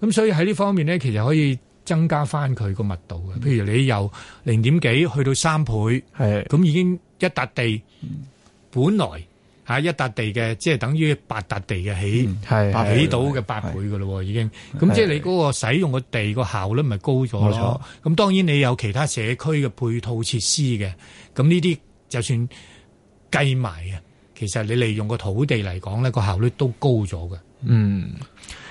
嗯、所以喺呢方面咧，其實可以增加返佢個密度嘅。譬如你由零點幾去到三倍，係咁的已經一笪地，嗯、本來。啊！一笪地嘅，即係等於八笪地嘅起，係、嗯、起到嘅八倍㗎咯喎，已經。咁即係你嗰個使用嘅地個效率咪高咗咯？咁當然你有其他社區嘅配套設施嘅，咁呢啲就算計埋嘅，其實你利用個土地嚟講咧，個效率都高咗嘅。嗯。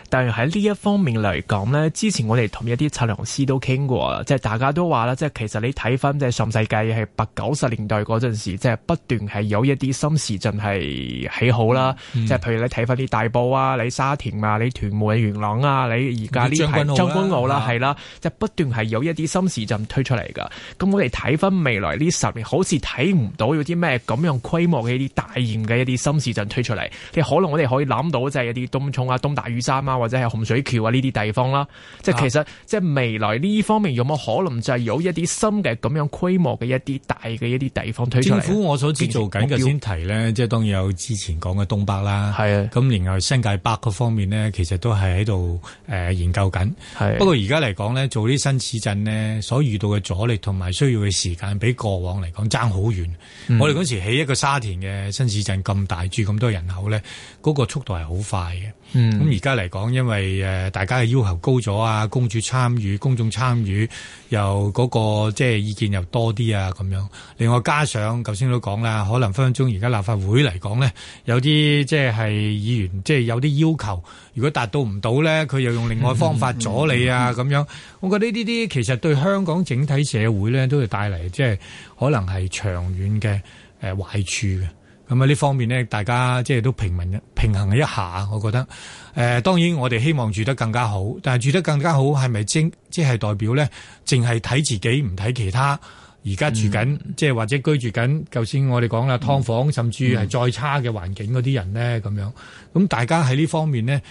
但係喺呢一方面嚟講咧，之前我哋同一啲測量師都傾過，即係大家都話啦，即係其實你睇翻即係上世界係八九十年代嗰陣時，即係不斷係有一啲新市鎮係起好啦，即係、嗯、譬如你睇翻啲大埔啊、你沙田啊、你屯門元朗啊、你而家呢排將軍澳啦，係啦，即係的不斷係有一啲新市鎮推出嚟噶。咁我哋睇翻未來呢十年，好似睇唔到有啲咩咁樣規模嘅一啲大型嘅一啲新市鎮推出嚟，你可能我哋可以諗到即係一啲東涌啊、東大嶼山啊。或者係洪水橋啊呢啲地方啦、啊，即係其實即係未來呢方面有冇可能就係有一啲新嘅咁樣規模嘅一啲大嘅一啲地方推出嚟？政府我所知做緊嘅先提呢，即係當然有之前講嘅東北啦，係啊的，咁然後新界北嗰方面呢，其實都係喺度誒研究緊。係的不過而家嚟講呢，做啲新市鎮呢，所遇到嘅阻力同埋需要嘅時間，比過往嚟講爭好遠。嗯、我哋嗰時起一個沙田嘅新市鎮咁大，住咁多人口呢，嗰、嗰個速度係好快嘅。嗯，咁而家嚟講，因為誒，大家嘅要求高咗啊，公主參與、公眾參與，又嗰、嗰個即係意見又多啲啊，咁樣。另外加上，頭先都講啦，可能分分鐘而家立法會嚟講呢，有啲即係議員，即係有啲要求，如果達到唔到呢，佢又用另外方法阻你啊，咁、嗯嗯嗯、樣。我覺得呢啲啲其實對香港整體社會呢，都會帶嚟即係可能係長遠嘅誒壞處嘅。咁啊！呢方面咧，大家即係都平衡平衡一下，我覺得誒、呃、當然我哋希望住得更加好，但係住得更加好係咪即即係代表咧，淨係睇自己唔睇其他？而家住緊即係或者居住緊，頭先我哋講啦，劏房、嗯、甚至係再差嘅環境嗰啲人咧，咁樣，咁，大家喺呢方面咧，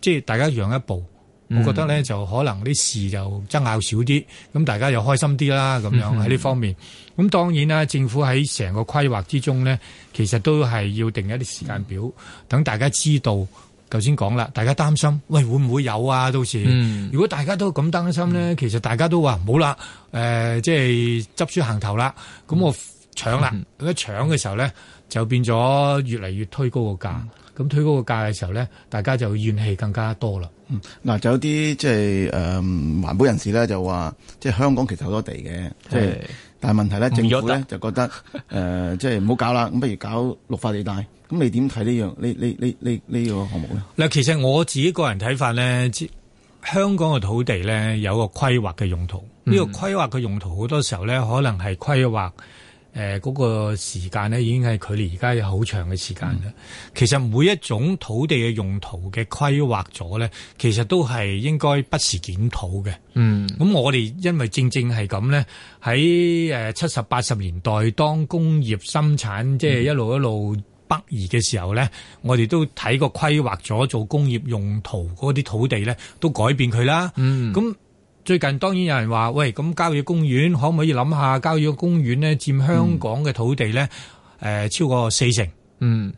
即係大家讓一步。我覺得咧就可能啲事就爭拗少啲，咁大家又開心啲啦。咁樣喺呢方面，咁、嗯、哼當然啦，政府喺成個規劃之中呢，其實都係要定一啲時間表，等、嗯、大家知道。頭先講啦，大家擔心，喂會唔會有啊？到時、嗯、如果大家都咁擔心呢，嗯、其實大家都話冇啦，誒、呃，即係執輸行頭啦。咁我搶啦，嗯、一搶嘅時候呢，就變咗越嚟越推高個價。咁、嗯、推高個價嘅時候呢，大家就怨氣更加多啦。嗱，嗯、就有啲即係誒環保人士咧，就話即係香港其實好多地嘅，即係是但係問題咧，政府咧就覺得誒、呃、即係唔好搞啦，咁不如搞綠化地帶。咁你點睇、這個這個、呢樣？你你你你呢個項目咧？嗱，其實我自己個人睇法咧，即香港嘅土地咧有個規劃嘅用途，呢、這個規劃嘅用途好多時候咧可能係規劃。誒嗰、呃那個時間已經係距離而家有好長嘅時間啦。嗯、其實每一種土地嘅用途嘅規劃咗呢，其實都係應該不時檢討嘅。嗯，咁我哋因為正正係咁呢，喺誒七十八十年代當工業生產即係、就是、一路一路北移嘅時候呢，嗯、我哋都睇過規劃咗做工業用途嗰啲土地呢，都改變佢啦。嗯，咁。最近當然有人話：喂，咁郊野公園可唔可以諗下？郊野公園呢佔香港嘅土地呢，誒、嗯呃、超過四成。嗯，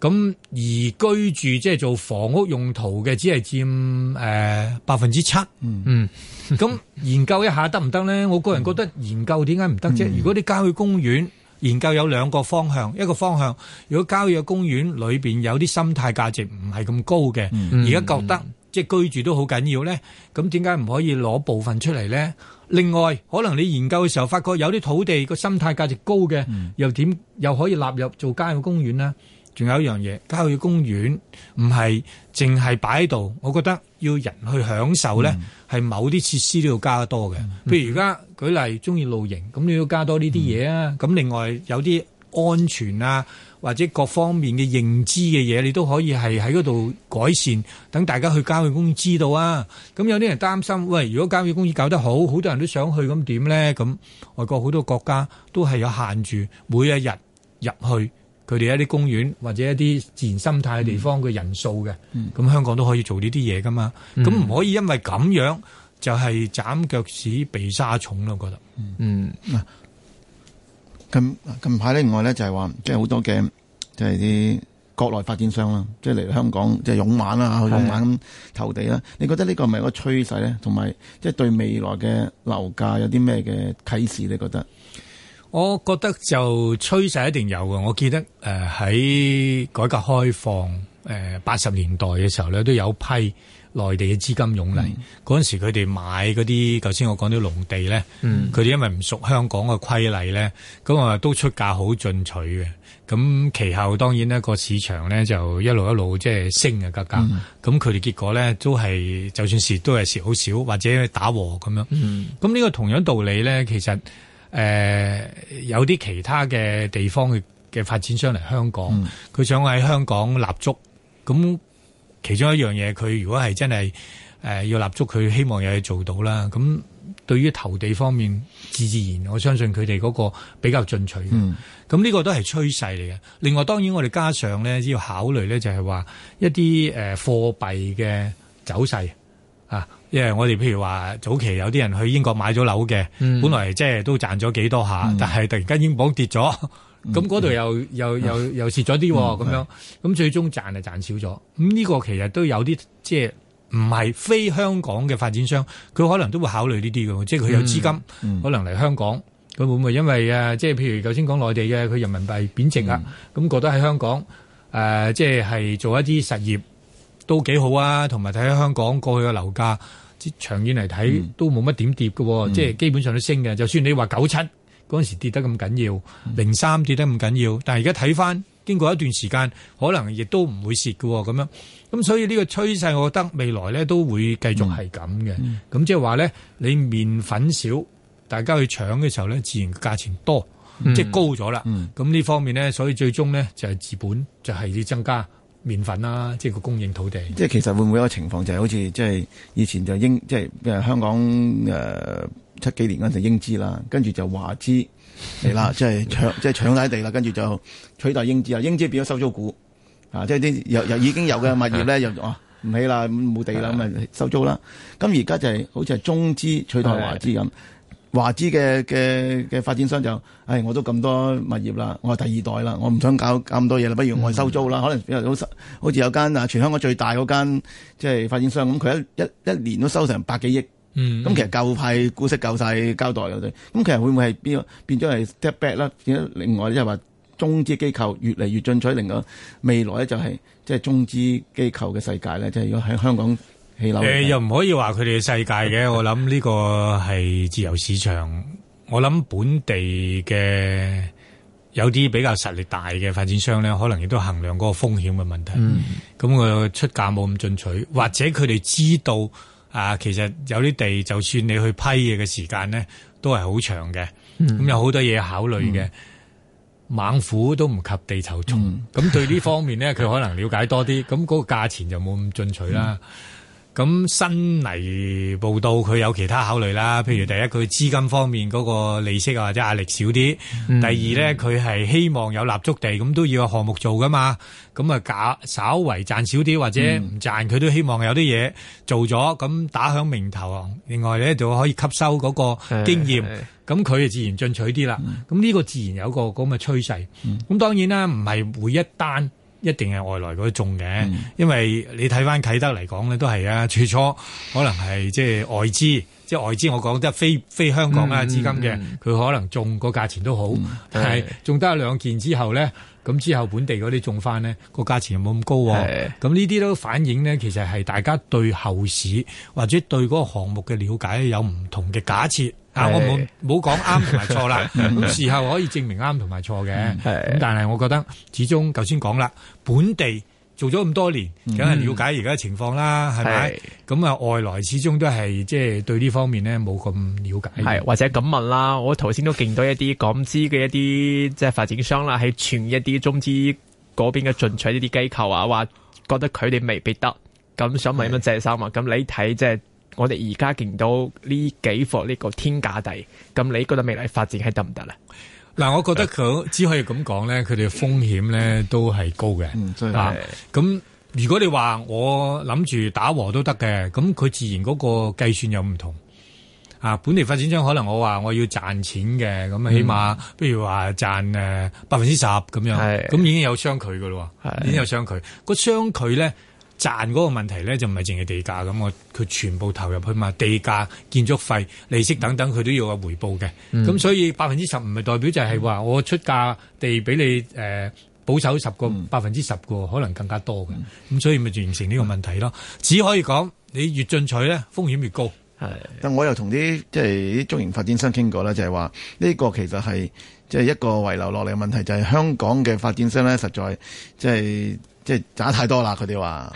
咁而居住即係做房屋用途嘅，只係佔誒、呃、百分之七。嗯嗯，咁 [LAUGHS] 研究一下得唔得呢？我個人覺得研究點解唔得啫？嗯、如果啲郊野公園研究有兩個方向，一個方向如果郊野公園裏面有啲生態價值唔係咁高嘅，而家、嗯、覺得。即係居住都好緊要咧，咁點解唔可以攞部分出嚟咧？另外，可能你研究嘅時候發覺有啲土地個生態價值高嘅，又點又可以納入做郊野公園咧？仲有一樣嘢，郊野公園唔係淨係擺喺度，我覺得要人去享受咧，係某啲設施都要加得多嘅。譬如而家舉例鍾意露營，咁你要加多呢啲嘢啊。咁另外有啲安全啊。或者各方面嘅認知嘅嘢，你都可以係喺嗰度改善，等大家去郊野公園知道啊！咁有啲人擔心，喂，如果郊野公園搞得好好多人都想去，咁點呢？咁外國好多國家都係有限住每一日入去佢哋一啲公園或者一啲自然生態嘅地方嘅人數嘅，咁、嗯嗯、香港都可以做呢啲嘢噶嘛？咁唔可以因為咁樣就係、是、斬腳趾避沙蟲咯？我覺得嗯，咁、嗯、近排另外呢就係話即係好多嘅。即係啲國內發展商啦，即係嚟香港，即係、就是、勇猛啦，去勇猛投地啦。的你覺得是是個呢個係咪個趨勢咧？同埋即係對未來嘅樓價有啲咩嘅啟示？你覺得？我覺得就趨勢一定有嘅。我記得誒喺改革開放誒八十年代嘅時候咧，都有批內地嘅資金湧嚟。嗰陣、嗯、時佢哋買嗰啲，頭先我講啲農地咧，佢哋、嗯、因為唔熟香港嘅規例咧，咁啊都出價好進取嘅。咁其後當然呢個市場呢就一路一路即係升嘅價格，咁佢哋結果呢都係，就算蝕都係蝕好少，或者打和咁樣。咁呢、嗯、個同樣道理呢，其實誒、呃、有啲其他嘅地方嘅發發展商嚟香港，佢、嗯、想喺香港立足，咁其中一樣嘢佢如果係真係。誒、呃、要立足，佢希望有嘢做到啦。咁對於投地方面，自自然，我相信佢哋嗰個比較進取嘅。咁呢、嗯、個都係趨勢嚟嘅。另外，當然我哋加上咧，要考慮咧，就係話一啲誒貨幣嘅走勢啊。因為我哋譬如話早期有啲人去英國買咗樓嘅，嗯、本來即係都賺咗幾多下，嗯、但係突然間英鎊跌咗，咁嗰度又、嗯、又又、嗯、又蝕咗啲咁樣，咁是最終賺啊賺少咗。咁呢個其實都有啲即係。就是唔係非香港嘅發展商，佢可能都會考慮呢啲嘅，即係佢有資金，嗯嗯、可能嚟香港，佢會唔會因為即係、啊、譬如頭先講內地嘅，佢人民幣貶值、嗯、啊，咁覺得喺香港誒，即係係做一啲實業都幾好啊，同埋睇香港過去嘅樓價，即長遠嚟睇、嗯、都冇乜點跌喎。嗯、即係基本上都升嘅。就算你話九七嗰陣時跌得咁緊要，零三、嗯、跌得咁緊要，但係而家睇翻。經過一段時間，可能亦都唔會蝕㗎喎，咁樣，咁所以呢個趨勢，我覺得未來呢都會繼續係咁嘅。咁、嗯嗯、即係話呢，你麵粉少，大家去搶嘅時候呢，自然價錢多，嗯、即係高咗啦。咁呢、嗯、方面呢，所以最終呢，就係、是、資本就係要增加麵粉啦，即係個供應土地。即係其實會唔會有個情況，就係、是、好似即係以前就英，即、就、係、是、香港誒、呃、七幾年嗰陣英資啦，跟住就華資嚟啦，即係搶，即係搶曬地啦，跟住就。取代英資啊！英資變咗收租股啊，即係啲有有已經有嘅物業咧， [LAUGHS] 又哦唔、啊、起啦，冇地啦，咁咪 [LAUGHS] 收租啦。咁而家就係、是、好似係中資取代華資咁，的華資嘅嘅嘅發展商就唉、哎，我都咁多物業啦，我係第二代啦，我唔想搞咁多嘢啦，不如我係收租啦。嗯、可能好似有間啊，全香港最大嗰間即係發展商咁，佢一一一年都收成百幾億。咁、嗯嗯、其實夠派、股息夠曬交代嘅，咁其實會唔會係變變咗係 step back 啦？變咗另外即中資機構越嚟越進取，令到未來咧就係即係中資機構嘅世界咧，即係如果喺香港起樓。誒、呃，又唔可以話佢哋嘅世界嘅，我諗呢個係自由市場。我諗本地嘅有啲比較實力大嘅發展商咧，可能亦都衡量嗰個風險嘅問題。咁佢、嗯、出價冇咁進取，或者佢哋知道啊，其實有啲地就算你去批嘅時間呢都係好長嘅。咁、嗯、有好多嘢考慮嘅。嗯猛虎都唔及地頭蟲，咁、嗯、對呢方面呢，佢 [LAUGHS] 可能了解多啲，咁嗰個價錢就冇咁進取啦。嗯咁新嚟報道佢有其他考慮啦，譬如第一佢資金方面嗰個利息啊或者壓力少啲，嗯、第二呢佢係希望有立足地，咁都要有項目做噶嘛，咁啊假稍為賺少啲或者唔賺，佢都希望有啲嘢做咗，咁、嗯、打響名頭。另外呢，就可以吸收嗰個經驗，咁佢就自然進取啲啦。咁呢、嗯、個自然有個咁嘅趨勢。咁、嗯、當然啦，唔係每一單。一定係外來嗰種嘅，嗯、因為你睇翻啟德嚟講呢都係啊，最初可能係即係外資，即係外資，外資我講得非非香港啊資、嗯、金嘅，佢、嗯、可能種個價錢都好，但係種得兩件之後呢。咁之後本地嗰啲種翻呢個價錢又冇咁高，啊，咁呢啲都反映呢，其實係大家對後市或者對嗰個項目嘅了解有唔同嘅假設。啊！是我冇冇講啱同埋錯啦，時候 [LAUGHS] 可以證明啱同埋錯嘅。是但係我覺得始終，頭先講啦，本地做咗咁多年，梗係了解而家嘅情況啦，係咪是？咁啊，外來始終都係即係對呢方面咧冇咁了解。係或者咁問啦，我頭先都見到一啲港資嘅一啲即係發展商啦，係全一啲中資嗰邊嘅進取呢啲機構啊，話覺得佢哋未必得，咁想問一問謝生啊，咁是你睇即係。就是我哋而家見到呢幾幅呢個天價地，咁你覺得未來發展係得唔得咧？嗱，我覺得佢只可以咁講咧，佢哋風險咧都係高嘅。嗯，咁、啊、如果你話我諗住打和都得嘅，咁佢自然嗰個計算又唔同。啊，本地發展商可能我話我要賺錢嘅，咁起碼，不、嗯、如話賺誒百分之十咁樣，咁已經有相距噶咯，已經有相距，是距。個相距咧。賺嗰個問題咧就唔係淨係地價咁，我佢全部投入去嘛，地價、建築費、利息等等，佢都要有回報嘅。咁、嗯、所以百分之十唔係代表就係話我出價地俾你誒保守十個百分之十個，嗯、個可能更加多嘅。咁所以咪完成呢個問題咯。嗯、只可以講你越進取咧，風險越高。係的，但我又同啲即係中型發展商傾過啦，就係話呢個其實係即係一個遺留落嚟嘅問題，就係、係、香港嘅發展商咧，實在即、就、係、係。即係賺太多啦！佢哋話，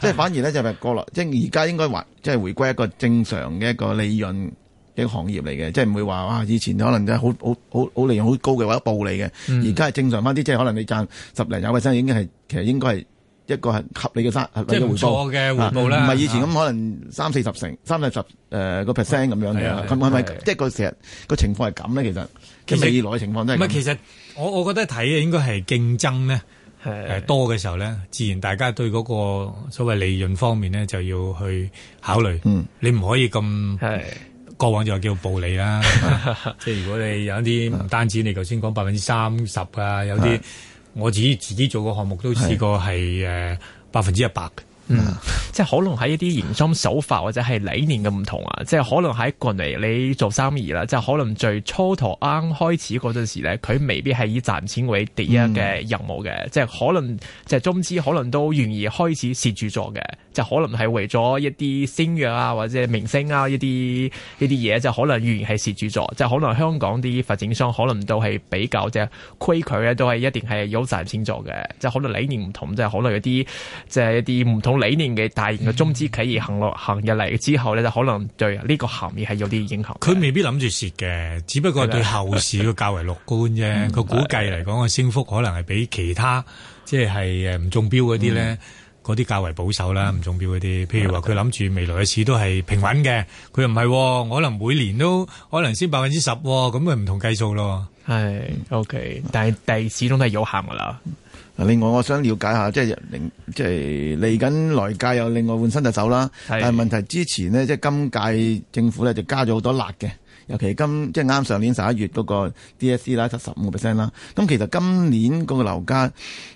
即係反而咧就係過落，即係而家應該還即係回歸一個正常嘅一個利潤嘅行業嚟嘅即係唔會話哇以前可能真好好好好利潤好高嘅或者暴利嘅，而家係正常翻啲，即係可能你賺十零廿 percent 已經係其實應該係一個係合理嘅生即係嘅回報啦，唔係以前咁可能三四十成三四十誒個 percent 咁樣嘅，咁係咪即係個成日個情況係咁咧？其實其實未來嘅情況都係唔係，其實我我覺得睇應該係競爭咧。係是多嘅時候咧，自然大家對嗰個所謂利潤方面咧，就要去考慮。嗯，你唔可以咁是過往就叫做暴利啦。 [LAUGHS] 吧即係如果你有一啲唔單止你頭先講百分之三十啊，有啲我自己是自己做個項目都試過係誒百分之一百嗯，即係可能喺一啲營商手法或者係理念嘅唔同啊，即係可能喺過嚟你做生意啦，即係可能最初頭啱開始陣時咧，佢未必係以賺錢為第一嘅任務嘅，嗯、即係可能即係中資可能都願意開始蝕住做嘅，就可能係為咗一啲星約啊或者係明星啊一啲一啲嘢，就可能願意係蝕住做，就可能香港啲發展商可能都係比較即係規矩咧，都係一定係有賺錢做嘅，即係可能理念唔同，即係可能有啲即係一啲唔同。理念嘅，大型嘅中資企業行落行入嚟之後呢，嗯、就可能對呢個行業係有啲影響。佢未必諗住蝕嘅，只不過係對後市佢較為樂觀啫。佢、 [LAUGHS] 嗯、估計嚟講，個升幅可能係比其他即係誒唔中標嗰啲呢，嗰啲、嗯、較為保守啦。唔中標嗰啲，譬如話佢諗住未來嘅市都係平穩嘅，佢又唔係，我、哦、可能每年都可能先百分之十，咁咪唔同計數咯。係、哎、OK，但係始終都係有限噶啦。另外，我想了解一下，即係令即係嚟緊來屆又另外換新隻手啦。是但係問題係之前呢，即係今屆政府咧就加咗好多辣嘅，尤其是今即係啱上年十一月嗰個 DSC 啦七十五個 percent 啦。咁其實今年嗰個樓價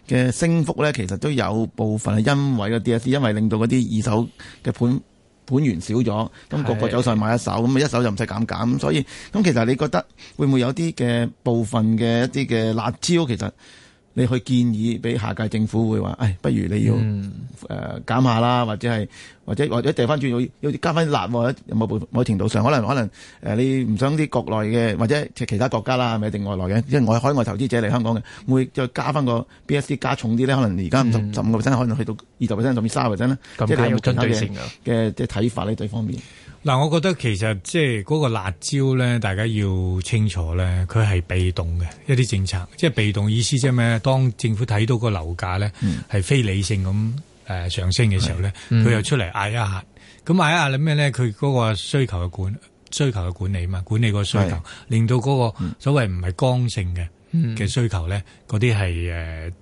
嘅升幅咧，其實都有部分係因為個 DSC，因為令到嗰啲二手嘅盤盤源少咗，咁個個走上去買一手，咁是一手就唔使減減。所以咁其實你覺得會唔會有啲嘅部分嘅一啲嘅辣招其實？你去建議俾下屆政府會話，誒，不如你要誒減下啦、嗯，或者係或者或者掉翻轉要要加翻啲辣喎，有冇某程度上可能可能誒、呃、你唔想啲國內嘅或者其他國家啦，係咪定外來嘅，即係外海外投資者嚟香港嘅，會再加翻個 BSD 加重啲咧？可能而家十五個 percent 可能去到二十 percent 甚至三十 percent 咧，即係睇有針對性嘅即係睇法呢，對方面。嗱，我覺得其實即係嗰個辣招咧，大家要清楚咧，佢係被動嘅一啲政策，即係被動意思即係咩？當政府睇到個樓價咧係非理性咁誒、呃、上升嘅時候咧，佢、嗯、又出嚟嗌一下，咁嗌一下咧咩咧？佢嗰個需求嘅管需求嘅管理嘛，管理個需求，是令到嗰個所謂唔係剛性嘅嘅需求咧，嗰啲係誒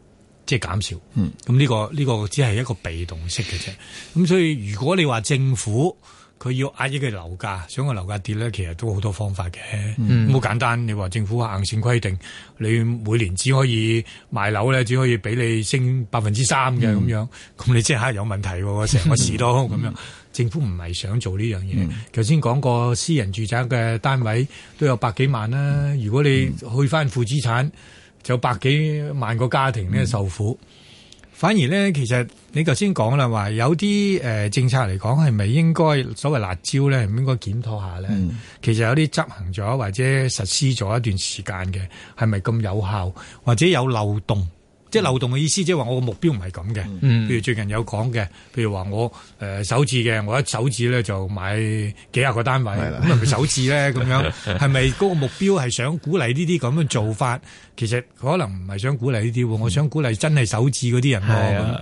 即係減少。咁呢、嗯這個呢、這個只係一個被動式嘅啫。咁所以如果你話政府佢要壓抑嘅樓價，想個樓價跌咧，其實都好多方法嘅。好、嗯、簡單，你話政府硬性規定，你每年只可以賣樓咧，只可以俾你升百分之三嘅咁樣，咁你即刻有問題喎，成、嗯、個市都咁樣。嗯、政府唔係想做呢樣嘢。頭先講過私人住宅嘅單位都有百幾萬啦、啊，嗯、如果你去翻負資產，就百幾萬個家庭咧受苦。嗯反而咧，其實你頭先講啦，話有啲誒、呃、政策嚟講，係咪應該所謂辣椒咧，係咪應該檢討下咧？嗯、其實有啲執行咗或者實施咗一段時間嘅，係咪咁有效，或者有漏洞？即係流動嘅意思，即係話我個目標唔係咁嘅。譬如最近有講嘅，譬如話我誒首次嘅，我一首次咧就買幾廿個單位，咁係咪首次咧？咁 [LAUGHS] 樣係咪嗰個目標係想鼓勵呢啲咁嘅做法？其實可能唔係想鼓勵呢啲喎，我想鼓勵真係首次嗰啲人喎。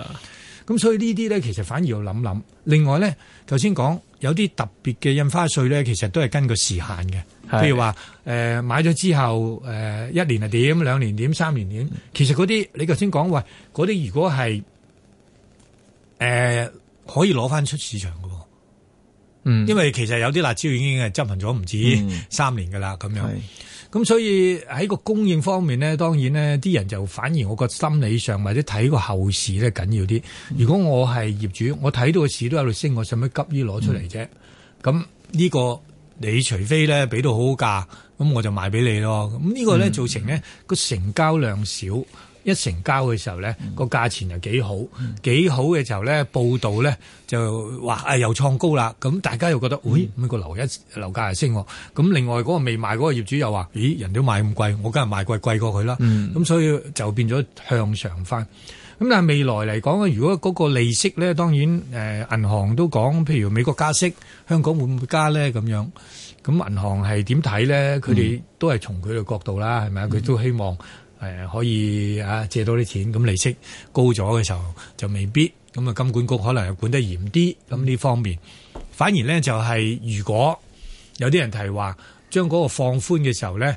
咁的，所以呢啲咧其實反而要諗諗。另外咧，頭先講。有啲特別嘅印花稅咧、呃呃，其實都係根據時限嘅，譬如話誒買咗之後誒一年係點兩年點三年點，其實嗰啲你頭先講喂嗰啲如果係誒、呃、可以攞翻出市場嘅。嗯，因為其實有啲辣招已經係執行咗唔止三年噶啦，咁、嗯、樣，咁所以喺個供應方面呢，當然呢啲人就反而我個心理上或者睇個後市咧緊要啲。如果我係業主，我睇到個市都有喺度升，我使乜急於攞出嚟啫？咁呢、嗯這個你除非咧俾到好好價，咁我就賣俾你咯。咁、這、呢個咧造成呢個成交量少。嗯一成交嘅時候呢個價錢又幾好，幾好嘅時候呢報道呢就話啊又創高啦，咁大家又覺得，咦、嗯，呢、哎呢個樓一樓價又升喎，咁另外嗰個未賣嗰個業主又話，咦，人都賣咁貴，我梗係賣貴貴過佢啦，咁、嗯、所以就變咗向上翻。咁但係未來嚟講，如果嗰個利息呢，當然誒、呃、銀行都講，譬如美國加息，香港會唔會加呢？咁樣？咁銀行係點睇呢？佢哋都係從佢嘅角度啦，係咪啊？佢都希望。誒可以啊借多啲錢，咁利息高咗嘅時候就未必。咁啊金管局可能又管得嚴啲，咁呢方面反而呢，就係如果有啲人提話將嗰個放寬嘅時候呢，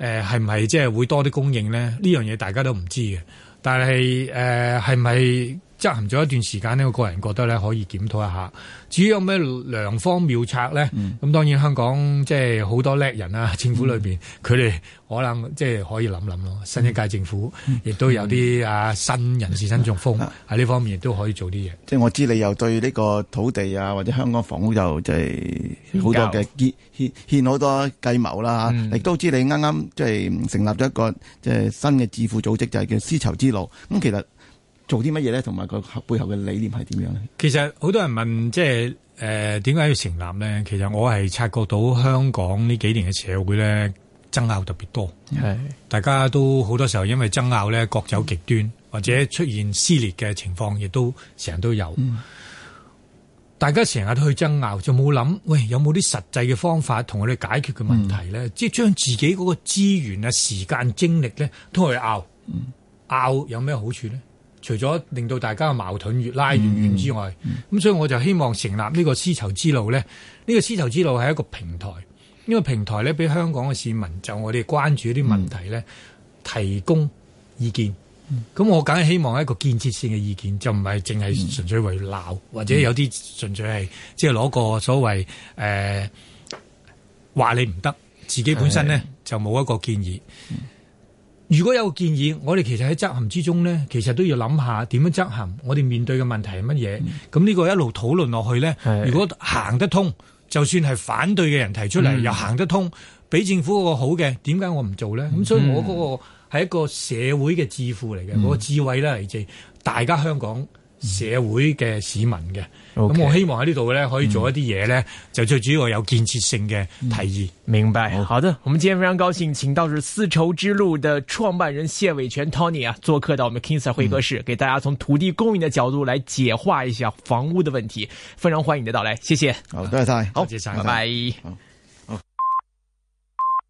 誒係唔係即係會多啲供應呢？呢樣嘢大家都唔知嘅，但係誒係咪？是執行咗一段時間呢，我個人覺得咧可以檢討一下。至於有咩良方妙策咧，咁、嗯、當然香港即係好多叻人啊，政府裏面，佢哋、嗯、可能即係可以諗諗咯。新一屆政府亦都、嗯、有啲啊新人士新作風喺呢、嗯啊、方面都可以做啲嘢。即係我知你又對呢個土地啊或者香港房屋又即係好多嘅建獻、獻好多計謀啦。亦都、嗯、知你啱啱即係成立咗一個即係、就是、新嘅智庫組織，就係叫思籌知路。咁其實，做啲乜嘢呢？同埋個背後嘅理念係點樣呢？其實好多人問，即係誒，呃、點解要成立呢？其實我係察覺到香港呢幾年嘅社會呢，爭拗特別多，係是大家都好多時候因為爭拗呢各走極端，嗯、或者出現撕裂嘅情況，亦都成日都有。嗯、大家成日都去爭拗，就冇諗喂，有冇啲實際嘅方法同我哋解決嘅問題呢？嗯、即係將自己嗰個資源啊、時間、精力呢，都去拗，嗯、拗有咩好處呢？」除咗令到大家嘅矛盾越拉越遠之外，咁、嗯嗯、所以我就希望成立呢個絲綢之路咧，呢、這個思籌知路係一個平台，呢個平台咧俾香港嘅市民就我哋關注啲問題咧提供意見，咁、嗯、我梗係希望一個建設性嘅意見，就唔係淨係純粹為鬧，嗯、或者有啲純粹係即係攞個所謂誒話，呃、你唔得，自己本身咧的就冇一個建議。嗯如果有個建議，我哋其實喺執行之中呢，其實都要諗下點樣執行。我哋面對嘅問題係乜嘢？咁呢、嗯、個一路討論落去呢，是如果行得通，就算係反對嘅人提出嚟，嗯、又行得通，俾政府個好嘅，點解我唔做呢？咁、嗯、所以我嗰個係一個社會嘅智庫嚟嘅，嗰、嗯、個智慧呢，嚟、就、自、是、大家香港。社會嘅市民嘅，咁 Okay, 我希望喺呢度呢，可以做一啲嘢呢，就最主要有建設性嘅提議。明白，好，好的。我哋今天非常高興請到是絲綢之路思籌知路的創辦人謝偉銓 Tony 啊，做客到我們 King Sir 會客室，嗯、給大家從土地供應的角度來解化一下房屋的問題。非常歡迎你的到來，謝謝。好，多謝曬。好，拜拜。